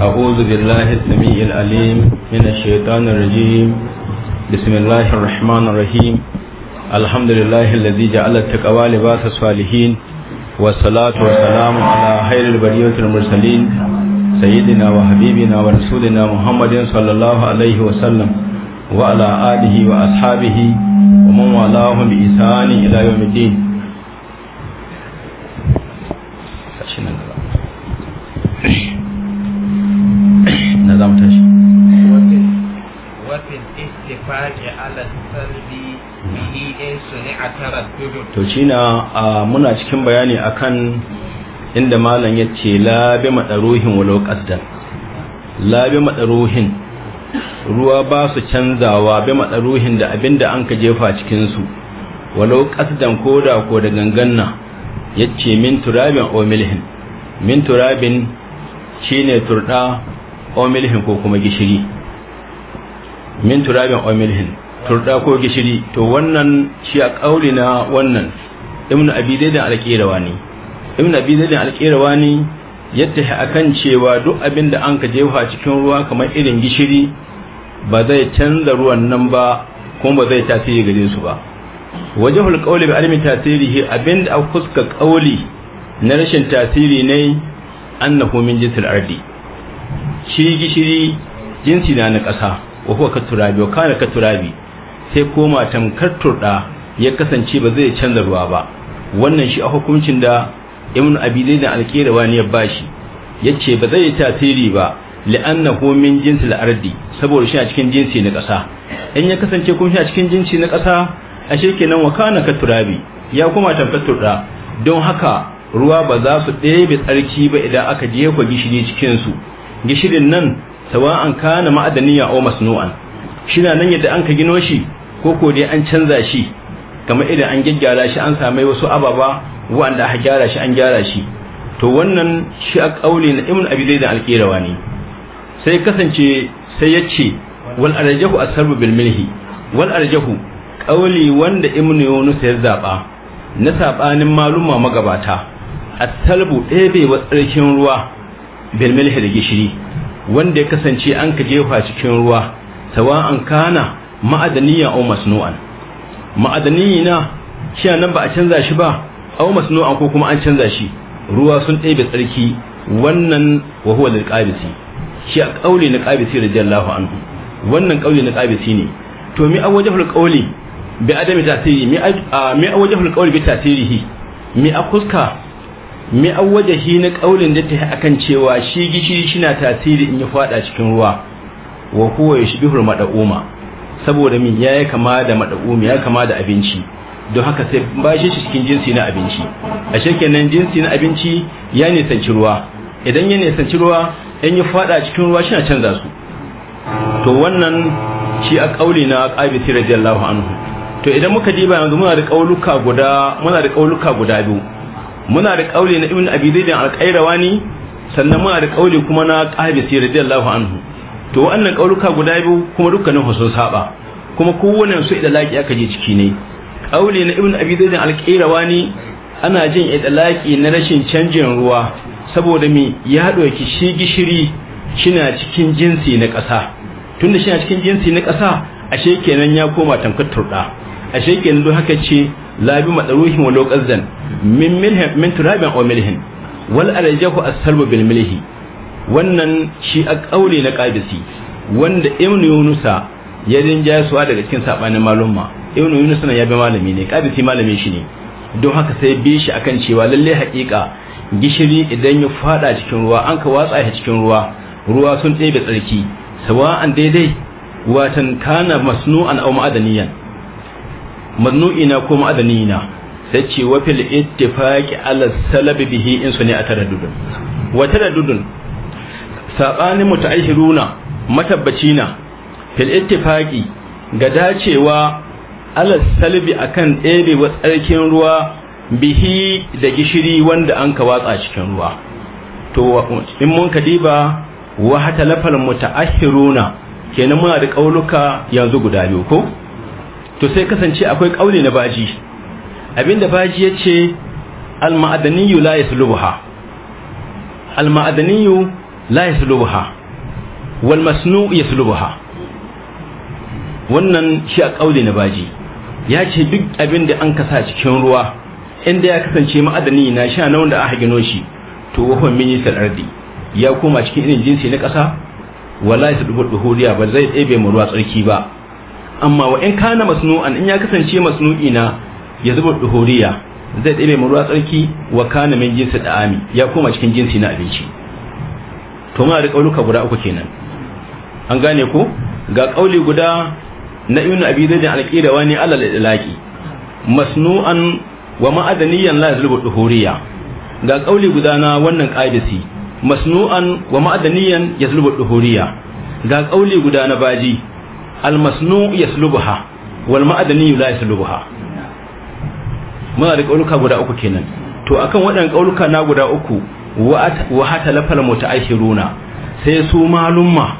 أعوذ بالله السميع العليم من الشيطان الرجيم بسم الله الرحمن الرحيم الحمد لله الذي جعل التقوى لباس الصالحين والصلاة والسلام على خير البرية المرسلين سيدنا وحبيبنا ورسولنا محمد صلى الله عليه وسلم وعلى آله وأصحابه ومن والاهم بإحسان إلى يوم الدين to shina muna cikin bayani akan inda malam ya ce labe madaruhin walau ƙasdan labe madaruhin ruwa ba su canzawa be madaruhin da abinda an ka jefa cikin su walau ko da ko da ganganna yace min turabin aw milhin min turabin shine turda turɗa milhin ko kuma gishiri min turabin aw milhin turda ko gishiri to wannan shi a kauli na wannan ibn abi zaidan alqirawa ne ibn abi zaidan alqirawa ne yadda akan cewa duk abin da an ka jefa cikin ruwa kamar irin gishiri ba zai canza ruwan nan ba kuma ba zai tasiri gare su ba wajhul qawli bi almi tasirihi abinda aka fuska qawli na rashin tasiri ne annahu min jinsil ardi shi gishiri jinsi na na kasa wa huwa katurabi wa kana katurabi sai koma tamkar ya kasance ba zai canza ruwa ba wannan shi a hukuncin da ibn abidai da alƙerawa ne ya bashi yace ba zai tasiri ba li'annahu min jinsi la'ardi saboda shi a cikin jinsi na ƙasa in ya kasance kuma shi a cikin jinsi na ƙasa ashe kenan wa kana ka turabi ya kuma tamkar don haka ruwa ba za su ɗebe tsarki ba idan aka je jefa gishiri cikinsu su gishirin nan sawa'an kana ma'adaniya aw masnu'an shi na nan yadda an ka gino shi ko ko dai an canza shi kamar idan an gyaggyara shi an samai wasu ababa wanda aka gyara shi an gyara shi to wannan shi a kauli na ibn abi zaid al-qirawa ne sai kasance sai yace wal arjahu ashabu bil milhi wal arjahu kauli wanda ibn yunus ya zaba na sabanin maluma magabata a talbu bai wa tsarkin ruwa bil milhi da gishiri wanda ya kasance an ka jefa cikin ruwa sawa an kana ma'adaniya au masnu'an ma'adani na shi nan ba a canza shi ba au masnu'an ko kuma an canza shi ruwa sun ɗebe tsarki wannan wa huwa lil qabisi shi a qauli na qabisi radiyallahu anhu wannan qauli na qabisi ne to mi awajhul qauli bi adami tasiri mi mi awajhul qauli bi tasirihi mi akuska mi wajahi na qaulin da ta akan cewa shi gishiri shi na tasiri in ya fada cikin ruwa wa huwa yashbihul mad'uma saboda min ya yi kama da maɗa'umi ya kama da abinci don haka sai ba shi cikin jinsi na abinci a shekenan jinsi na abinci ya nisanci ruwa idan ya nisanci ruwa in yi fada cikin ruwa shi na canza su to wannan shi a ƙauli na ƙabisi radiyallahu anhu to idan muka diba yanzu muna da ƙauluka guda muna da ƙauluka guda biyu muna da ƙauli na ibn abi zaid al-qayrawani sannan muna da ƙauli kuma na ƙabisi radiyallahu anhu to wannan kauluka guda biyu kuma dukkanin sun saba kuma kowane su idalaki aka je ciki ne ƙauli na ibnu abi zaid al-qirawani ana jin idalaki na rashin canjin ruwa saboda me ya doki shi gishiri shina cikin jinsi na ƙasa tunda shina cikin jinsi na ƙasa ashe kenan ya koma tamkar da ashe kenan don haka ce labi madaruhin wa min min turabin aw milhin wal arjahu as-salbu bil milhi wannan shi a ƙaure na ƙadisi wanda ibnu yunusa ya rinjaye suwa daga cikin sabanin malumma ibnu ya bi malami ne ƙadisi malamin shi ne don haka sai bi shi akan cewa lalle haƙiƙa gishiri idan ya fada cikin ruwa an ka watsa shi cikin ruwa ruwa sun ɗebe tsarki sawa'an daidai watan kana masnu'an aw ma'adaniyan masnu'ina ko ma'adanina sai ce wa fil ittifaqi ala salab bihi in suni ataraddudun wa taraddudun sabanin muta'ahiruna na fil ittifaki ga dacewa alas salbi akan ɗebe wa tsarkin ruwa bihi da gishiri wanda an ka watsa cikin ruwa to in mun diba wa aiki runa. kenan muna da ƙauluka yanzu guda biyu ko to sai kasance akwai ƙauli na baji abinda baji ce al ma'adaniyu la yasluha al ma'adaniyu لا يسلبها والمسنو يسلبها wannan shi a ƙaule na baji ya ce duk abin da an kasa cikin ruwa inda ya kasance ma'adani na sha na wanda aka gino shi to wahon ministan ardi ya koma cikin irin jinsi na ƙasa wala ya dubu duhuriya ba zai ɗebe mu ruwa tsarki ba amma wa in kana an in ya kasance masnu'i na ya zuba duhuriya zai ɗebe mu ruwa tsarki wa kana min jinsi ami ya koma cikin jinsi na abinci to muna da kauluka guda uku kenan an gane ko ga kauli guda na ibn abi zaid an qira wani alal ilaqi masnu'an wa ma'adaniyan la yazlubu duhuriya ga kauli guda na wannan qaidasi masnu'an wa ma'adaniyan yazlubu duhuriya ga kauli guda na baji al-masnu' yaslubuha wal ma'adani la yaslubuha muna da kauluka guda uku kenan to akan waɗannan kauluka na guda uku wa hata lafal mutaakhiruna sai su malumma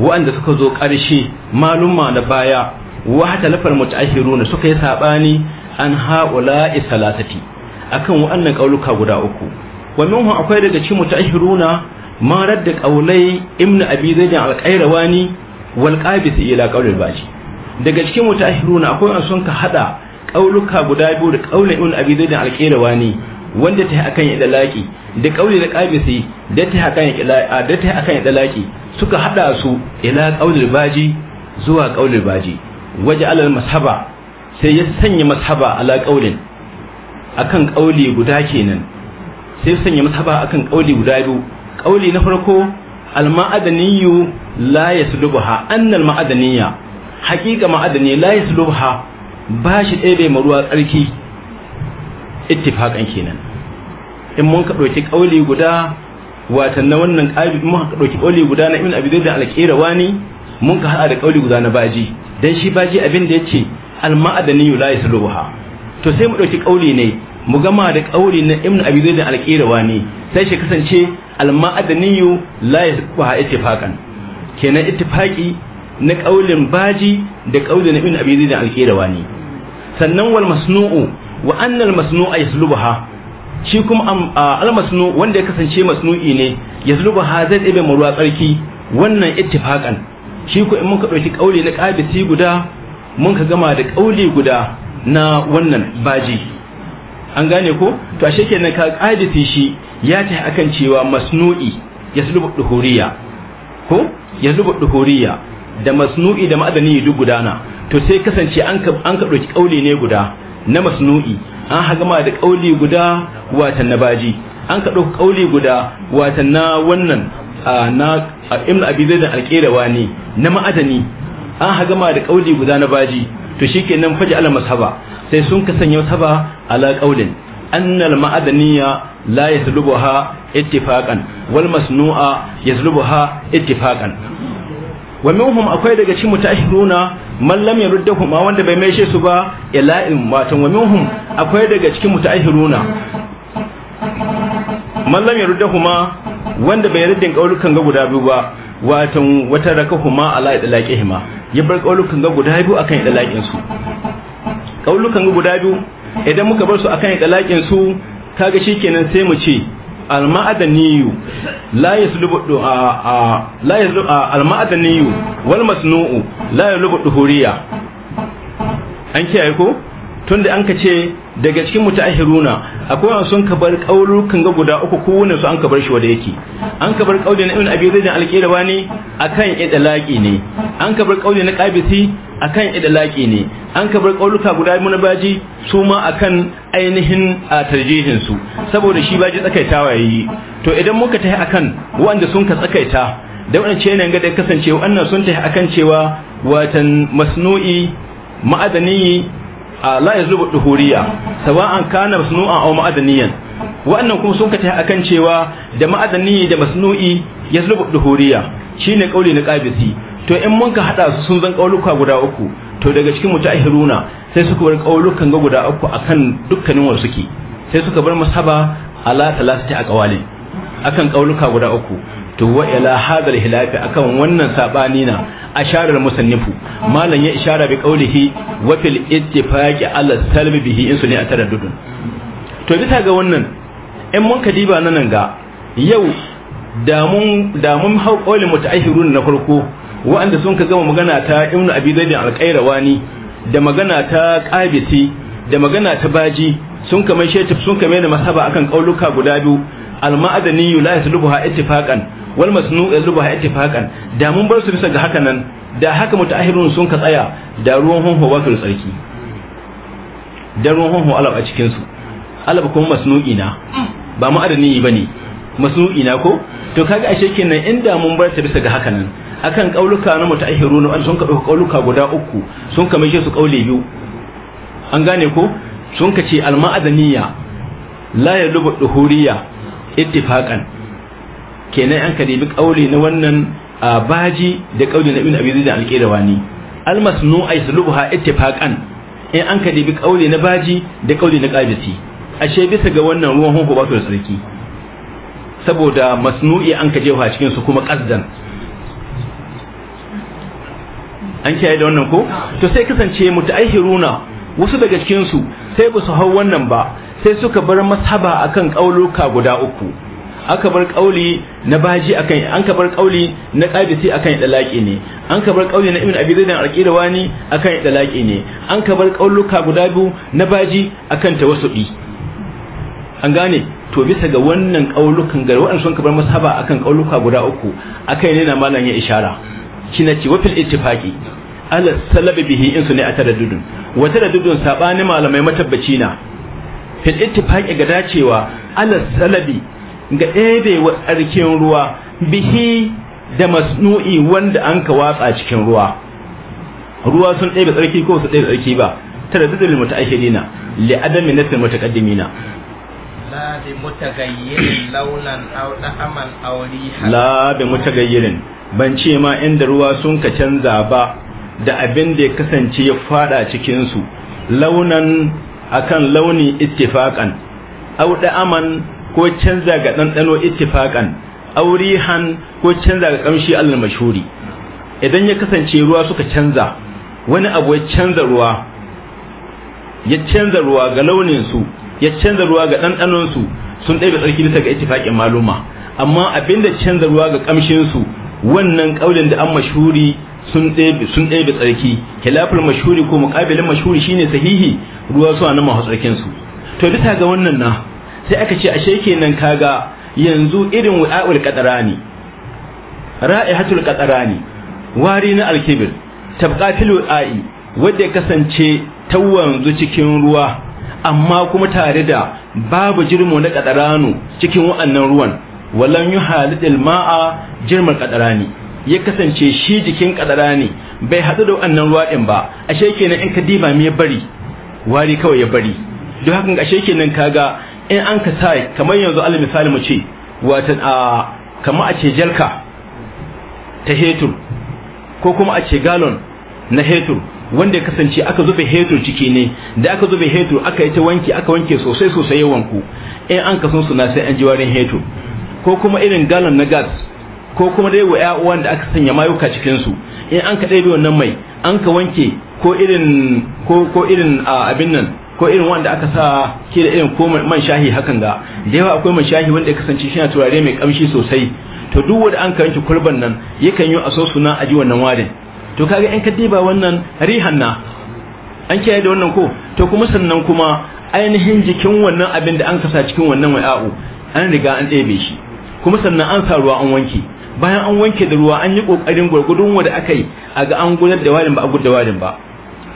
wanda suka zo ƙarshe malumma da baya wa hata lafal mutaakhiruna suka yi sabani an haula'i salatati akan waɗannan kauluka guda uku wannan hu akwai daga cikin mutaakhiruna ma radda qaulai ibnu abi zaid al-qayrawani wal qabis ila qaulil baji daga cikin mutaakhiruna akwai an sun ka hada kauluka guda biyu da qaulai ibnu abi zaid al-qayrawani wanda ta yi akan idalaki da kauli na kabisi da ta haka ya da ta akan ya dalaki suka hada su ila qaulil baji zuwa qaulil baji waje alal mashaba sai ya sanya mashaba ala kaulin akan kauli guda kenan sai ya sanya mashaba akan kauli guda biyu kauli na farko al ma'adaniyu la anna al ma'adaniya haqiqa ma'adani la yaslubuha ba shi ɗaya bai maruwa tsarki ittifaqan kenan in mun ka ɗauki ƙauli guda watan na wannan ƙabi mun ka ɗauki ƙauli guda na ibn abi zaidan alƙira wani mun ka haɗa da ƙauli guda na baji dan shi baji abin da yace al-ma'adani la yasluha to sai mu ɗauki ƙauli ne mu gama da ƙauli na ibn abi zaidan alƙira wani sai shi kasance al-ma'adani la yasluha ittifaqan kenan ittifaqi na ƙaulin baji da ƙaulin ibn abi zaidan alƙira wani sannan wal masnu'u wa anna al masnu'a yasluha shi kuma almasnu wanda ya kasance masnu'i ne ya ha zai ɗebe mu ruwa tsarki wannan ittifaqan shi ko in muka ɗauki ƙauli na qabisi guda mun ka gama da ƙauli guda na wannan baji an gane ko to ashe kenan ka qabisi shi ya ta akan cewa masnu'i yazlubu duhuriya ko ya yazlubu duhuriya da masnu'i da ma'adani duk gudana to sai kasance an ka ɗauki kauli ne guda na masnu'i an hagama da kauli guda watan na baji an ka ɗauka kauli guda watan na wannan na ibn abi zaid al-qirawa ne na ma'adani an hagama da kauli guda na baji to shikenan faji ala mashaba sai sun ka sanya saba ala qaulin annal ma'adaniya la yaslubuha ittifaqan wal masnu'a yaslubuha ittifaqan wa minhum akwai daga cikin mutashiruna man lam ma wanda bai maishe su ba ila'in watan wa minhum akwai daga cikin mutashiruna man lam ma wanda bai ruddin kaulukan ga guda biyu ba watan wata rakahuma ala idlaqihima ya bar kaulukan ga guda biyu akan idlaqin su kaulukan ga guda biyu idan muka bar su akan idlaqin su kaga shikenan sai mu ce al-ma'adaniyu la yaslubu la yaslubu al-ma'adaniyu wal masnu'u la yaslubu duhuriya an kiyaye ko tunda an ka ce daga cikin mutaahiruna akwai an sun kabar kaulukan ga guda uku wani su an kabar shi wanda yake an kabar kauli na ibn abi zaid al-qirawa akan idlaqi ne an kabar kauli na qabisi akan idlaqi ne an ka bar guda biyu na baji su ma akan ainihin a tarjihin su saboda shi baji tsakaitawa yayi to idan muka tafi akan wanda sun ka tsakaita da wannan ce ne ga da kasance wannan sun tafi akan cewa watan masnu'i ma'adani a la yazlubu duhuriya sawa'an kana masnu'an aw ma'adaniyan wannan kuma sun ka tafi akan cewa da ma'adani da masnu'i yazlubu duhuriya shine kauli na qabisi to in mun ka hada su sun zan kauluka guda uku to daga cikin mujahiruna sai suka bar kaulukan ga guda uku akan dukkanin wasu suke sai suka bar masaba ala talasati a kawali akan kauluka guda uku to wa ila hadal hilafi akan wannan sabani na asharar musannifu malan ya ishara bi qawlihi wa fil ittifaqi ala salbi bihi in suni ataraddudun to bisa ga wannan in mun kadiba nan ga yau da mun hau ƙolin mutaakhirun na farko wa'anda sun ka gama magana ta Imna abi da al-qayrawani da magana ta qabiti da magana ta baji sun mai shetif sun mai da masaba akan ƙauluka guda biyu al-ma'adani la yaslubuha ittifaqan wal masnu yaslubuha ittifaqan da mun bar su bisa ga haka nan da haka mutahirun sun ka tsaya da ruwan hunhu ba su tsarki da ruwan hunhu alab a cikin su alab kuma masnu'i na ba ma'adani bane masnu'i na ko to kaga ashe kenan inda mun bar ta bisa ga haka nan akan kauluka na mutahhiru na sun ka dauka kauluka guda uku sun ka mishe su kaule biyu an gane ko sun ka ce alma'adaniya la yalubu duhuriya ittifaqan kenan an ka dibi kauli na wannan baji da kauli na ibn abi zaid al-qirawani ay yaslubuha ittifaqan in an ka dibi kauli na baji da kauli na qabisi ashe bisa ga wannan ruwan hukuma ba su da sarki saboda masnu'i an ka jefa cikin su kuma qaddan an kiyaye da wannan ko to sai kasance muta'ahiruna wasu daga cikin su sai ba su hau wannan ba sai suka bar mashaba akan kauluka guda uku aka bar kauli na baji akan an ka bar kauli na qadisi akan dalaki ne an ka bar kauli na ibn abi zaidan wani akan dalaki ne an ka bar kauluka guda biyu na baji akan tawassudi an gane to bisa ga wannan kaulukan gar waɗanda sun ka bar mashaba akan kauluka guda uku akai ne na malam ya ishara shine ce wafil ittifaqi ala salabi bihi in ne a taraddudun wa taraddudun sabani malamai matabbaci na fil ittifaqi ga dacewa ala salabi ga ɗebe wa tsarkin ruwa bihi da masnu'i wanda an ka watsa cikin ruwa ruwa sun ɗebe tsarki ko su ɗebe tsarki ba taraddudul mutaakhirina li adami nasil mutaqaddimina la bi mutagayyirin launan aw ta'aman aw rihan la bi mutagayyirin ban ce ma inda ruwa sun ka canza ba da abin da ya kasance ya fada cikinsu launan akan launi ittifaqan aw aman ko canza ga ɗanɗano ittifaqan aw rihan ko canza ga kamshi al mashhuri idan ya kasance ruwa suka canza wani abu ya canza ruwa ya canza ruwa ga launin su ya canza ruwa ga ɗanɗanon su sun ɗaya tsarki bisa ga ittifaqin maluma amma abinda canza ruwa ga kamshin su wannan kaulin da an mashuri sun ɗebe tsarki khilaful mashuri ko muqabilin mashuri shine sahihi ruwa suna nan masu tsarkin su to bisa ga wannan na sai aka ce ashe kenan kaga yanzu irin wa'ul qadrani ra'ihatul qadrani wari na alkibir tabqatil wa'i wanda ya kasance tawanzu cikin ruwa amma kuma tare da babu jirmo na qataranu cikin wa'annan ruwan walan yi halidil ma'a jirmar ne ya kasance shi jikin ne bai haɗu da wannan ruwa ɗin ba ashe kenan in ka diba me ya bari wari kawai ya bari don hakan ashe kenan kaga in an ka sa kamar yanzu alal misali mu ce watan a kamar a ce jalka ta hetur ko kuma a ce galon na hetur wanda ya kasance aka zuba hetur ciki ne da aka zuba hetur aka yi ta wanki aka wanke sosai sosai yawanku in an ka sun suna sai an ji warin hetur ko kuma irin galon na gas ko kuma dai wa uwan da aka sanya mayuka cikinsu in an ka ɗebe wannan mai an ka wanke ko irin ko irin abin nan ko irin wanda aka sa ke da irin ko man shahi hakan ga da yawa akwai man shahi wanda ya kasance shi na turare mai kamshi sosai to duk wanda an ka wanke kurban nan yakan yi aso so suna aji wannan warin to kaga in ka diba wannan rihan na an kiyaye da wannan ko to kuma sannan kuma ainihin jikin wannan abin da an kasa cikin wannan wa'a'u an riga an ɗebe shi kuma sannan an sa ruwa an wanke bayan an wanke da ruwa an yi kokarin gurgudun wanda aka yi a ga an gudar da warin ba a gudda da warin ba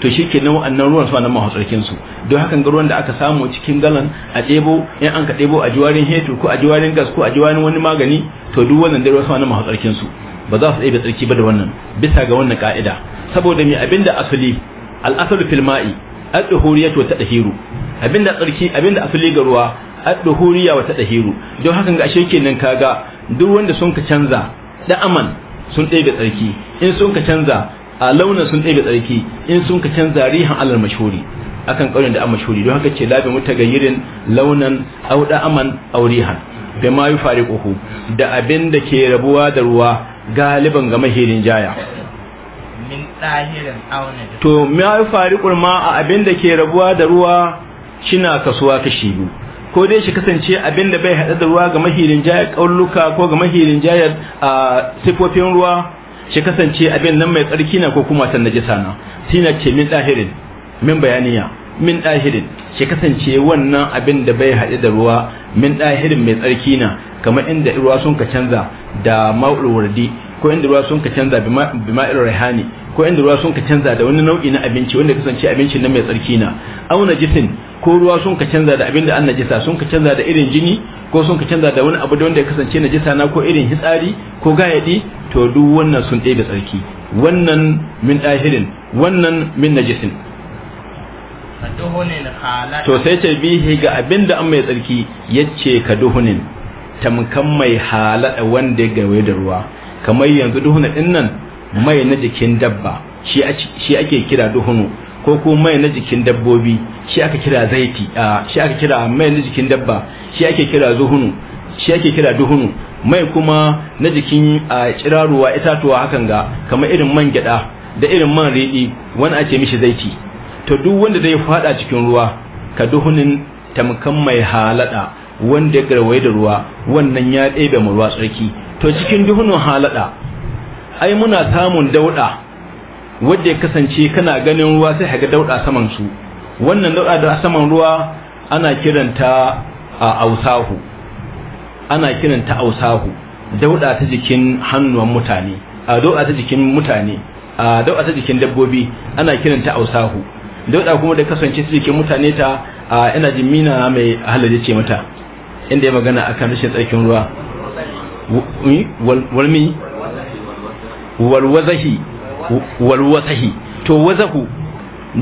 to shi ke nan wa'annan ruwan su nan mahatsarkin su don hakan ga ruwan da aka samu cikin galan a ɗebo in an ka ɗebo a jiwarin hetu ko a jiwarin gas ko a jiwarin wani magani to duk wannan da ruwan su nan mahatsarkin su ba za su ɗebe tsarki ba da wannan bisa ga wannan ka'ida saboda mai abinda asali al'asalu fil ma'i al-duhuriyatu wa tadhiru abinda tsarki abinda asali ga ruwa adduhuriya wa tadahiru don hakan ga ashe kenan kaga duk wanda sun ka canza aman sun ɗebe tsarki in sun ka canza a launin sun ɗebe tsarki in sun ka canza rihan alal mashhuri akan kaurin da an mashhuri don haka ce labe mutagayyirin launan da aman au rihan da ma yufariquhu da abin da ke rabuwa da ruwa galiban ga mahirin jaya min dahirin auna to ma a ma abin da ke rabuwa da ruwa shina kasuwa kashi biyu ko dai shi kasance abin da bai haɗa da ruwa ga mahirin jayar ƙauluka ko ga mahirin jayar a sifofin ruwa shi kasance abin nan mai tsarki na ko kuma san najisa na sina ce min ɗahirin min bayaniya min ɗahirin shi kasance wannan abin da bai haɗa da ruwa min ɗahirin mai tsarki na kamar inda ruwa sun ka canza da ma'ulwardi ko inda ruwa sun ka canza bi ma'il rihani ko inda ruwa sun ka canza da wani nau'i na abinci wanda kasance abincin nan mai tsarki na auna jisin ko ruwa sun ka canza da abin da an najisa sun ka canza da irin jini ko sun ka canza da wani abu da wanda ya kasance najisa na ko irin hitsari ko gayadi to duk wannan sun ɗaya da tsarki wannan min ɗahirin wannan min najisin to sai ce bihi ga abin da an mai tsarki yace ka duhunin tamkan mai halada wanda ya gawe da ruwa kamar yanzu duhunin din nan mai na jikin dabba shi ake kira duhunu ko ko mai na jikin dabbobi shi aka kira zaiti shi aka kira mai na jikin dabba shi ake kira zuhunu shi ake kira duhunu mai kuma na jikin a kiraruwa itatuwa hakan ga kamar irin man gyada da irin man riɗi wani ake mishi zaiti to duk wanda zai fada cikin ruwa ka duhunin tamkan mai halada wanda ya garwaye da ruwa wannan ya ɗebe mu ruwa tsarki to cikin duhunin halada ai muna samun dauda wanda ya kasance kana ganin ruwa sai haga dauda saman su wannan dauda da saman ruwa ana kiranta a ausahu ana kiranta ausahu dauda ta jikin hannuwan mutane a dauda ta jikin mutane a dauda ta jikin dabbobi ana kiranta ausahu dauda kuma da kasance ta jikin mutane ta a ina jimina mai halaje ce mata inda ya magana akan rashin tsarkin ruwa walmi walwazahi wal to wazahu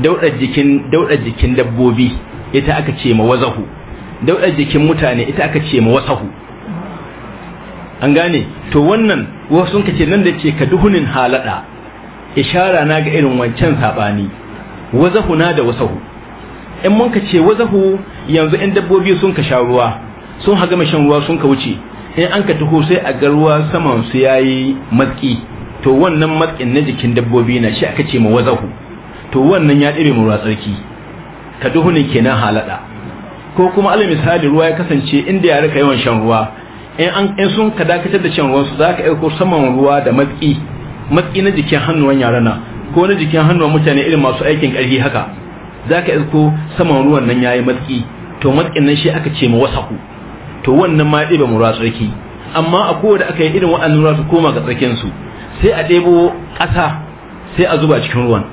daudar jikin daudar jikin dabbobi ita aka ce ma wazahu daudar jikin mutane ita aka ce ma wasahu an gane to wannan wasu ka ce nan da ce ka duhunin halada ishara na ga irin wancan sabani wazahu na da wasahu in mun ka ce wazahu yanzu in dabbobi sun ka sha ruwa sun haga shan ruwa sun ka wuce in an ka taho sai a ga ruwa saman su yayi matsi to wannan matsin na jikin dabbobi na shi aka ce ma wazahu to wannan ya dire mu tsarki ka duhunin kenan halada ko kuma alal misali ruwa ya kasance inda ya rika yawan shan ruwa in sun ka dakatar da shan ruwan su zaka aiko saman ruwa da matsi matsi na jikin hannuwan yarana ko na jikin hannuwan mutane irin masu aikin karfi haka zaka aiko saman ruwan nan yayi matsi to matsin nan shi aka ce ma wasahu to wannan ma dibe mu tsarki amma a kowa da aka yi irin wa'annan ruwa su koma ga tsarkin su sai a ɗebo ƙasa sai a zuba cikin ruwan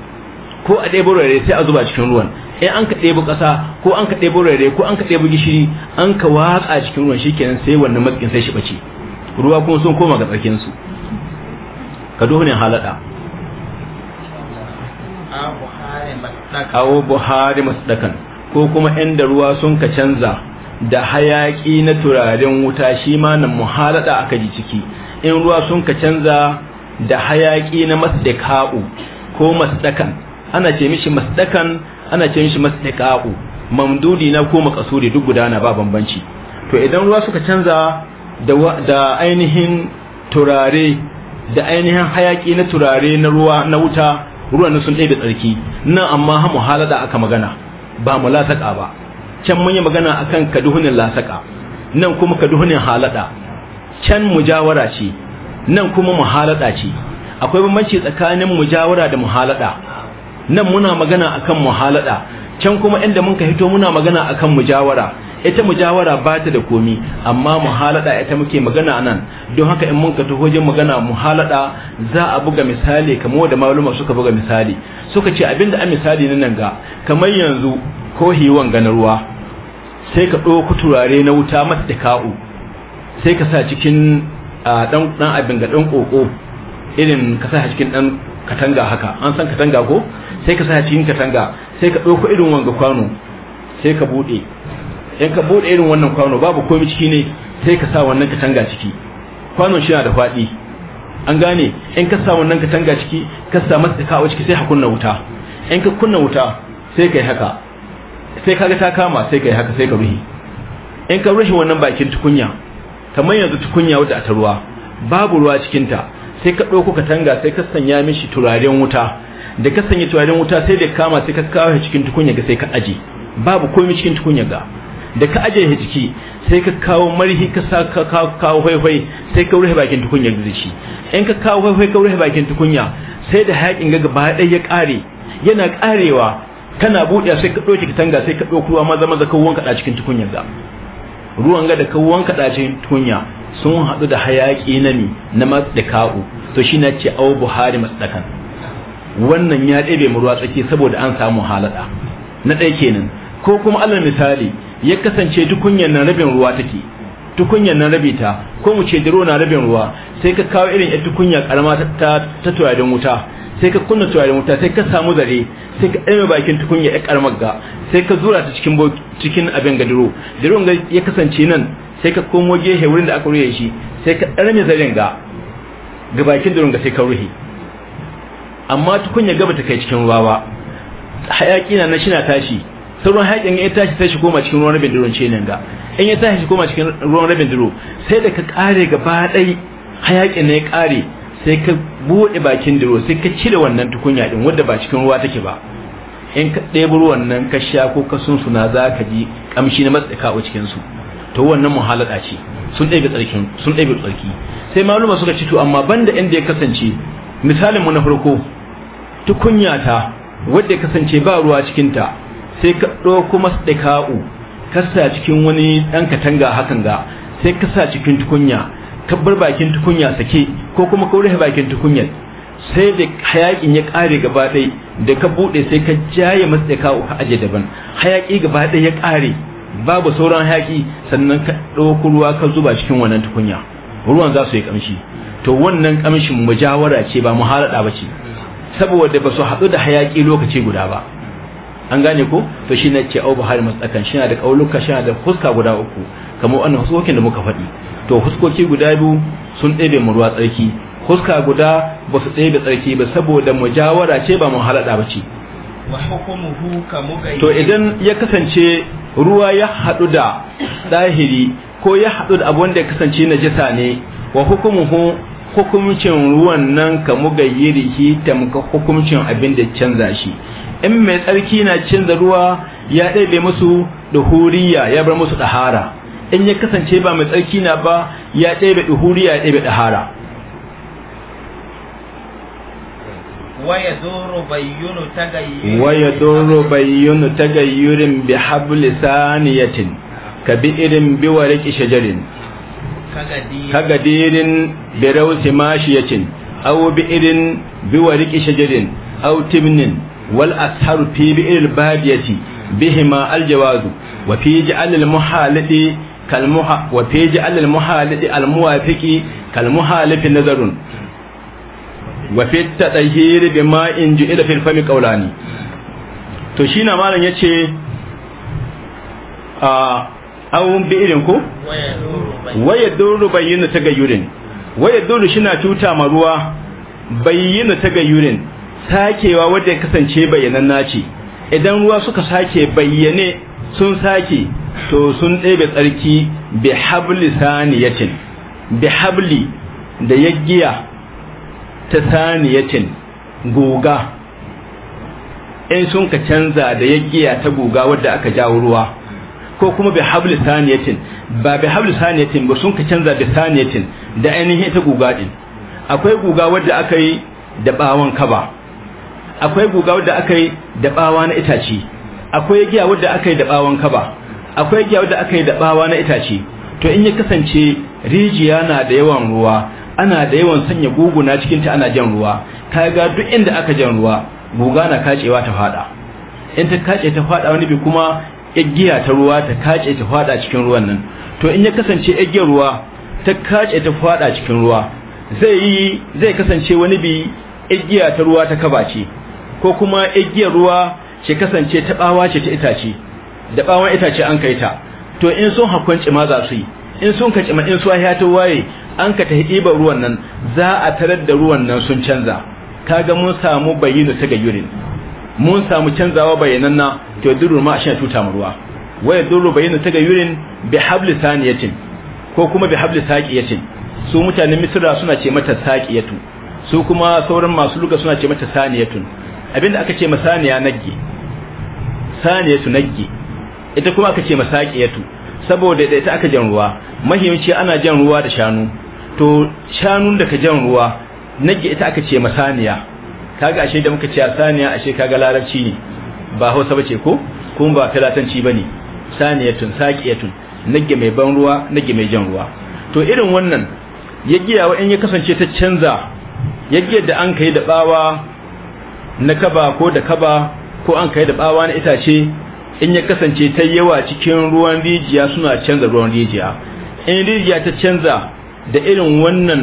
ko a ɗebo rere sai a zuba cikin ruwan in an ka ɗebo ƙasa ko an ka ɗebo rere ko an ka ɗebo gishiri an ka watsa cikin ruwan shikenan sai wannan matsin sai shi bace ruwa kuma sun koma ga tsarkin su ka ne halada kawo buhari masdakan ko kuma inda ruwa sun ka canza da hayaki na turaren wuta shi ma nan muhalada aka ji ciki in ruwa sun ka canza da hayaki na masdaka'u ko masdakan ana ce mishi masdakan ana ce mishi masdaka'u mamdudi na ko makasuri duk gudana ba bambanci to idan ruwa suka canza da ainihin turare da ainihin hayaƙi na turare na ruwa na wuta ruwan sun ɗaya da tsarki nan amma hamu halada aka magana ba mu lasaka ba can mun yi magana akan kaduhunin lasaka nan kuma kaduhunin halada can mujawara ce nan kuma muhalada ce akwai bambanci tsakanin mujawara da muhalada nan muna magana akan muhalada can kuma inda mun ka hito muna magana akan mujawara ita mujawara ba ta da komi amma muhalada ita muke magana nan don haka in mun ka taho wajen magana muhalada za a buga misali kamar da maluma suka buga misali suka ce abinda a misali na nan ga kamar yanzu ko hiwon ganar ruwa sai ka ɗo turare na wuta mata da ka'u sai ka sa cikin dan dan abin ga dan koko irin ka sa cikin dan katanga haka an san katanga ko sai ka sa cikin katanga sai ka dauko irin wanga kwano sai ka bude. in ka bude irin wannan kwano babu komai ciki ne sai ka sa wannan katanga ciki kwano shi na da faɗi an gane in ka sa wannan katanga ciki ka sa masa kawo ciki sai hakunna wuta in ka kunna wuta sai kai haka sai kaga ta kama sai kai haka sai ka ruhi in ka rushe wannan bakin tukunya kamar yanzu tukunya wuta a ta ruwa babu ruwa cikinta sai ka ɗauko katanga sai ka sanya mishi turaren wuta da ka sanya turaren wuta sai da kama sai ka kawo shi cikin tukunya ga sai ka aje babu komai cikin tukunya ga da ka aje shi ciki sai ka kawo marhi ka sa ka kawo haihuwai sai ka rufe bakin tukunya da shi in ka kawo haihuwai ka rufe bakin tukunya sai da haƙin ga gaba ɗaya ya ƙare yana ƙarewa kana buɗe sai ka ɗauki katanga sai ka ɗauko ruwa maza maza ka wanka a cikin tukunya ga ruwan ga da kawon kaɗa cikin tunya sun hadu da hayaki na ni na matsaka'u to shi na ce au buhari matsakan wannan ya ɗebe mu ruwa tsaki saboda an samu halada na ɗaya kenan ko kuma alal misali ya kasance tukunyar nan rabin ruwa take tukunyar nan rabi ta ko mu ce diro na rabin ruwa sai ka kawo irin yar tukunya karama ta ta don wuta sai ka kunna turaren wuta sai ka samu zare sai ka ɗame bakin tukunya ya karmar ga sai ka zura ta cikin cikin abin ga diro diron ga ya kasance nan sai ka komo gehe wurin da aka ruhe shi sai ka ɗarme zaren ga ga bakin diron ga sai ka ruhe amma tukunya gaba ta kai cikin ruwa ba hayaƙi na nan shina tashi sauran hayakin ya tashi sai shi koma cikin ruwan rabin diron ce ga in ya tashi shi koma cikin ruwan rabin diro sai da ka kare gaba ɗai hayaƙin ne ya kare sai ka buɗe bakin da ruwa sai ka cire wannan tukunya din wadda ba cikin ruwa take ba in ka ɗebi ruwan nan ka sha ko ka sunsuna za ka ji ƙamshi na matsa kawo cikin su to wannan muhalata ce sun ɗebe tsarki sai maluma suka ci to amma banda inda ya kasance misalin mu na farko tukunya ta wadda ya kasance ba ruwa cikin ta sai ka ɗauko masɗaka'u kasa cikin wani ɗan katanga hakan ga sai kasa cikin tukunya kabbar bakin tukunya sake ko kuma ka rufe bakin tukunya sai da hayakin ya kare gaba ɗaya da ka buɗe sai ka jaye matsa ka aje daban hayaki gaba ɗaya ya kare babu sauran hayaki sannan ka ɗauko ruwa ka zuba cikin wannan tukunya ruwan za su yi kamshi to wannan kamshin mujawara ce ba muharada ba ce saboda ba su haɗu da hayaki lokaci guda ba an gane ko to shi na ce au buhari matsakan shi na da ƙauluka shi na da fuska guda uku kamar wannan huskokin da muka faɗi to huskoki guda biyu sun ɗebe mu ruwa tsarki huska guda ba su ɗebe tsarki ba saboda mujawara ce ba mu halada ba ce to idan ya kasance ruwa ya haɗu da ɗahiri ko ya haɗu da abu wanda ya kasance na najisa ne wa hukumuhu hukumcin ruwan nan ka ta muka hukumcin abin da canza shi in mai tsarki na canza ruwa ya ɗebe musu da huriya ya bar musu ɗahara in ya kasance ba mai tsarki na ba ya ɗebe duhuriya ya ɗebe dahara waya doro bayyunu gayyurin bi habli saniyatin ka bi irin biwa riƙi shajarin gadirin bi rausi mashiyacin au bi irin biwa riƙi shajarin au timnin wal asharu fi bi irin badiyati bihima aljawazu wa fi ji alil muhalidi kalmuha wa feji alal muhalidi almuwafiqi kalmuhalifi nazarun wa fi tadhhir bima in ila fil fami qawlani to shi na malam yace a awun bi irin ko waya duru bayyana tagayyurin waya duru shina tuta ma ruwa bayyana tagayyurin sakewa wanda ya kasance bayyanan naci idan ruwa suka sake bayyane sun sake to sun ɗebe tsarki bi habli saniyatin bi habli da yaggiya ta saniyatin guga in sun ka canza da yaggiya ta guga wadda aka jawo ruwa ko kuma bi habli saniyatin ba bi habli saniyatin ba sun ka canza da saniyatin da ainihin ta guga din akwai guga wadda aka yi da bawon kaba akwai guga wadda aka yi da bawa na itace akwai giya wadda aka yi da bawon kaba akwai giya wadda aka yi da bawa na itace to in ya kasance rijiya na da yawan ruwa ana da yawan sanya guguna cikin ta ana jan ruwa kaga duk inda aka jan ruwa guga na kacewa ta fada in ta kace ta fada wani bi kuma igiya ta ruwa ta kace ta fada cikin ruwan nan to in ya kasance igiyar ruwa ta kace ta fada cikin ruwa zai yi zai kasance wani bi igiya ta ruwa ta kaba ce ko kuma igiyar ruwa ce kasance ta bawa ce ta itace da bawan itace an kai ta to in sun hakunci ma za su yi in sun kaci ma in su ya ta waye an ka ta ba ruwan nan za a tarar da ruwan nan sun canza kaga mun samu bayyana ta gayyurin mun samu canzawa bayanan na to duru ma a shan tuta mu ruwa waya duru bayyana ta gayyurin bi habli saniyatin ko kuma bi habli saqiyatin su mutanen misra suna ce mata saqiyatu su kuma sauran masu luga suna ce mata saniyatun abinda aka ce masaniya nagge saniyatu nagge ita kuma aka ce masaqiyatu saboda da ita aka jan ruwa mahimmanci ana jan ruwa da shanu to shanun da ka jan ruwa nagge ita aka ce masaniya kaga ashe da muka ce saniya ashe kaga larabci ne ba Hausa bace ko kuma ba filatanci bane saniyatun saqiyatun nagge mai ban ruwa nagge mai jan ruwa to irin wannan giya wa in ya kasance ta canza giya da an kai da bawa na kaba ko da kaba ko an kai da bawa na itace in ya kasance ta yawa cikin ruwan rijiya suna canza ruwan rijiya in rijiya ta canza da irin wannan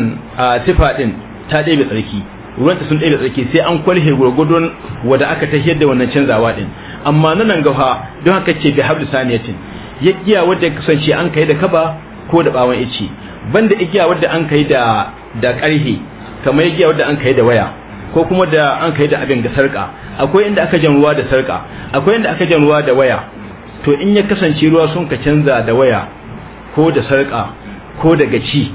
tufa din ta ɗebe tsarki ruwanta sun ɗebe tsarki sai an kwalhe gurgudun wadda aka ta da wannan canzawa din amma na nan gawa don haka ce bi habdu saniyatin ya giya wadda kasance an kai da kaba ko da bawan ice banda igiya wadda an kai da da karhe kamar igiya wadda an kai da waya ko kuma da an kai da abin da sarka akwai inda aka jan ruwa da sarka akwai inda aka jan ruwa da waya to in ya kasance ruwa sun ka canza da waya ko da sarka ko da gaci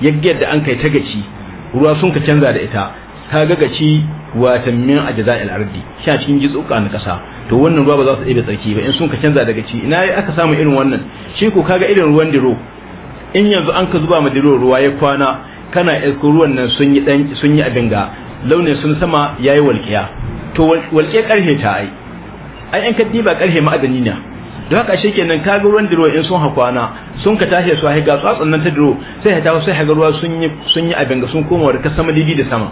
yaggiyar da an kai ta gaci ruwa sun ka canza da ita ta ga gaci watan min jaza'il ardi sha cikin gitsuka na kasa to wannan ruwa ba za su iya tsarki ba in sun ka canza da gaci ina aka samu irin wannan shi ko kaga irin ruwan diro in yanzu an ka zuba ma diro ruwa ya kwana kana isko ruwan nan sun yi dan sun yi abin ga launin sun sama yayi walkiya to walƙe ƙarhe ta ai ai in ka diba ƙarhe ma'adani na don haka shi kenan ka ga ruwan diro in sun hakwana sun ka tashi su haiga su tsatsan ta diro sai hata sai haga ruwa sun yi sun yi abin ga sun koma da sama didi da sama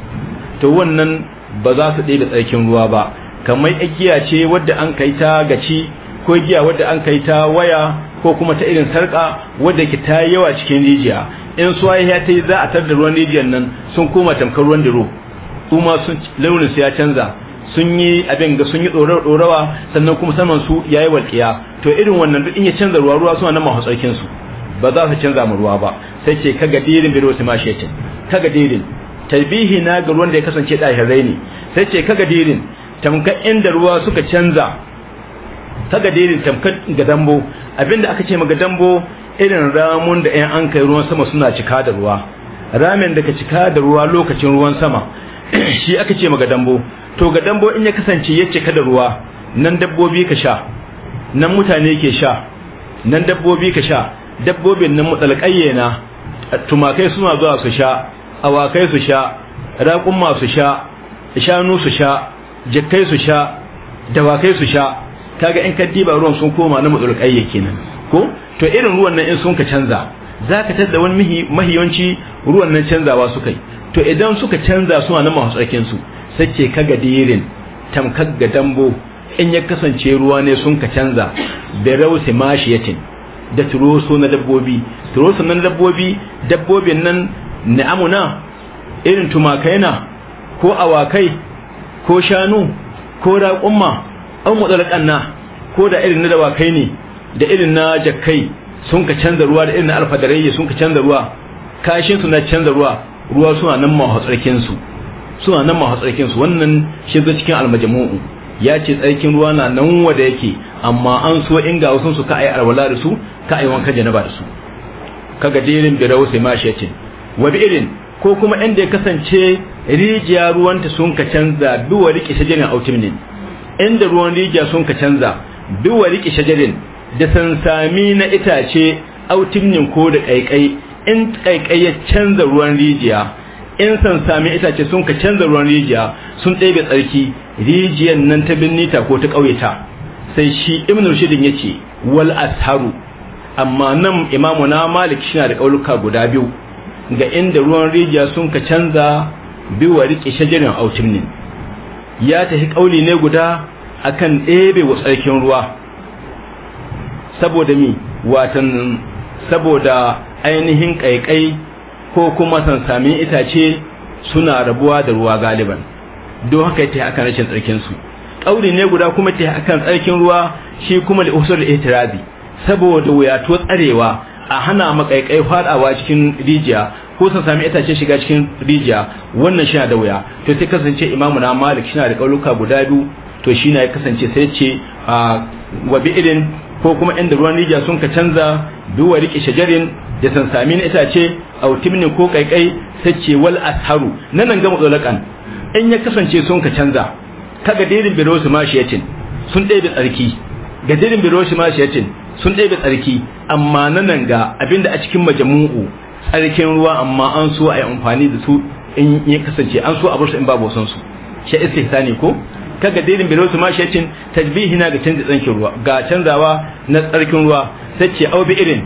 to wannan ba za su ɗebe tsarkin ruwa ba kamar igiya ce wadda an kai ta gaci ko igiya wadda an kai ta waya ko kuma ta irin sarka wadda ke ta yawa cikin rijiya in su ya ta yi za a tar da ruwan rijiyar nan sun koma tamkar ruwan diro kuma sun launin su ya canza sun yi abin ga sun yi ɗorawa sannan kuma saman su yayi walƙiya to irin wannan duk in ya canza ruwa ruwa suna nan ma su ba za su canza mu ruwa ba sai ce kaga dirin bi rosi mashetin kaga dirin talbihi na ga ruwan da ya kasance ɗahirai ne sai ce kaga dirin tamka inda ruwa suka canza kaga dirin tamka ga dambo abinda aka ce maga dambo irin ramun da ɗan an kai ruwan sama suna cika da ruwa ramin da ka cika da ruwa lokacin ruwan sama shi aka ce maga dambo to ga dambo in ya kasance ya cika da ruwa nan dabbobi ka sha nan mutane ke sha nan dabbobi ka sha dabbobin nan na tumakai suna zuwa su sha awakai su sha raƙumma su sha shanu su sha jakkai su sha dawakai su sha kaga in ka diba ruwan sun koma na mutsalƙayye kenan ko to irin ruwan nan in sun ka canza za ka tadda wani mahiyanci ruwan nan canzawa suka yi to idan suka canza suna na masu tsarkinsu sace kaga dirin tamkar ga dambo in ya kasance ruwa ne sun ka canza da rausi mashiyatin da turoso na dabbobi turoso na dabbobi dabbobin nan amuna. irin tumakaina ko awakai ko shanu ko raƙumma an mutsalakan na ko da irin na dawakai ne da irin na jakkai sun ka canza ruwa da irin na alfadarai sun ka canza ruwa kashin su na canza ruwa ruwa suna nan mahatsarkin su suna nan masu tsarkin su wannan shi zai cikin almajamu'u ya ce tsarkin ruwa na nan wanda yake amma an so in ga wasu su ka ayi alwala da su ka ayi wanka janaba da su kaga dirin ma shi mashatin wa bi irin ko kuma inda ya kasance rijiya ruwanta sun ka canza duwa rike shajarin autumnin inda ruwan rijiya sun ka canza duwa rike shajarin da sansami na itace autumnin ko da kaikai in kaikai ya canza ruwan rijiya in san sami itace sun ka canza ruwan rijiya sun ɗebe tsarki rijiyar nan ta binnita ko ta ƙauyeta sai shi ibn rushidin ya ce wal asharu amma nan imamu na malik shi na da ƙauluka guda biyu ga inda ruwan rijiya sun ka canza biyu wa riƙe shajarin autumnin ya tafi ƙauli ne guda akan ɗebe wa tsarkin ruwa saboda mi watan saboda ainihin ƙaiƙai ko kuma sansamin itace suna rabuwa da ruwa galiban don haka ta akan rashin tsarkin su kauri ne guda kuma ta akan tsarkin ruwa shi kuma da usul ihtirazi saboda wuyato tsarewa a hana makaikai fadawa cikin rijiya ko sansamin itace shiga cikin rijiya wannan shi da wuya to sai kasance imamu na malik shi na da kauluka guda biyu to shi na kasance sai ce ah, wa ko kuma inda ruwan rijiya sun ka canza duwa rike shajarin ya san sami na ce a timni ko kaikai ce wal asharu nan ga tsolakan in ya kasance sun ka canza ga dirin birosu ma shiyatin sun ɗebe tsarki ga dirin birosu ma shiyatin sun ɗebe tsarki amma nan ga abinda a cikin majamu'u tsarkin ruwa amma an so a yi amfani da su in ya kasance an so a bar su in babu san su shi istihsani ko kaga dirin birosu ma shiyatin tajbihina ga canza tsankin ruwa ga canzawa na tsarkin ruwa ce au bi irin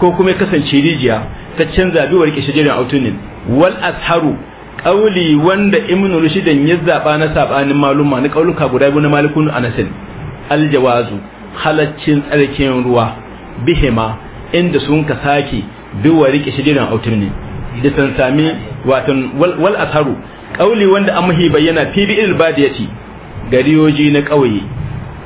ko kuma kasance rijiya ta canza bi warke shajarin autunin wal asharu kauli wanda ibn rushidan ya zaba na sabanin maluma na ƙauluka guda biyu na malikun anasin aljawazu halaccin tsarkin ruwa bihima inda sun ka saki bi warke shajarin autunin da san sami watan wal asharu kauli wanda amhi bayyana fi bi il badiyati gariyoji na kauye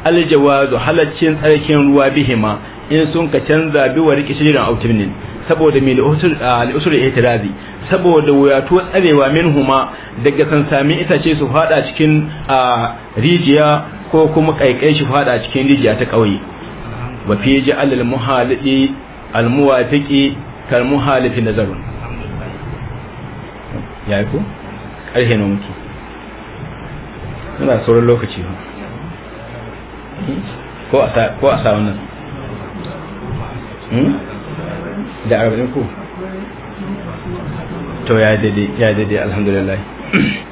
aljawazu halaccin tsarkin ruwa bihima in sun ka canza bi wa riƙe shirin autinin saboda mai usul itirazi saboda wuyato tsarewa min huma daga san sami itace su fada cikin rijiya ko kuma kaikai shi fada cikin rijiya ta ƙauye wa fi ji al muhalidi muwafiqi kal muhalifi nazarun yi ko ƙarhe na mutu muna sauran lokaci ko a sa wannan Hmm? da arabin ku to ya daidai alhamdulillah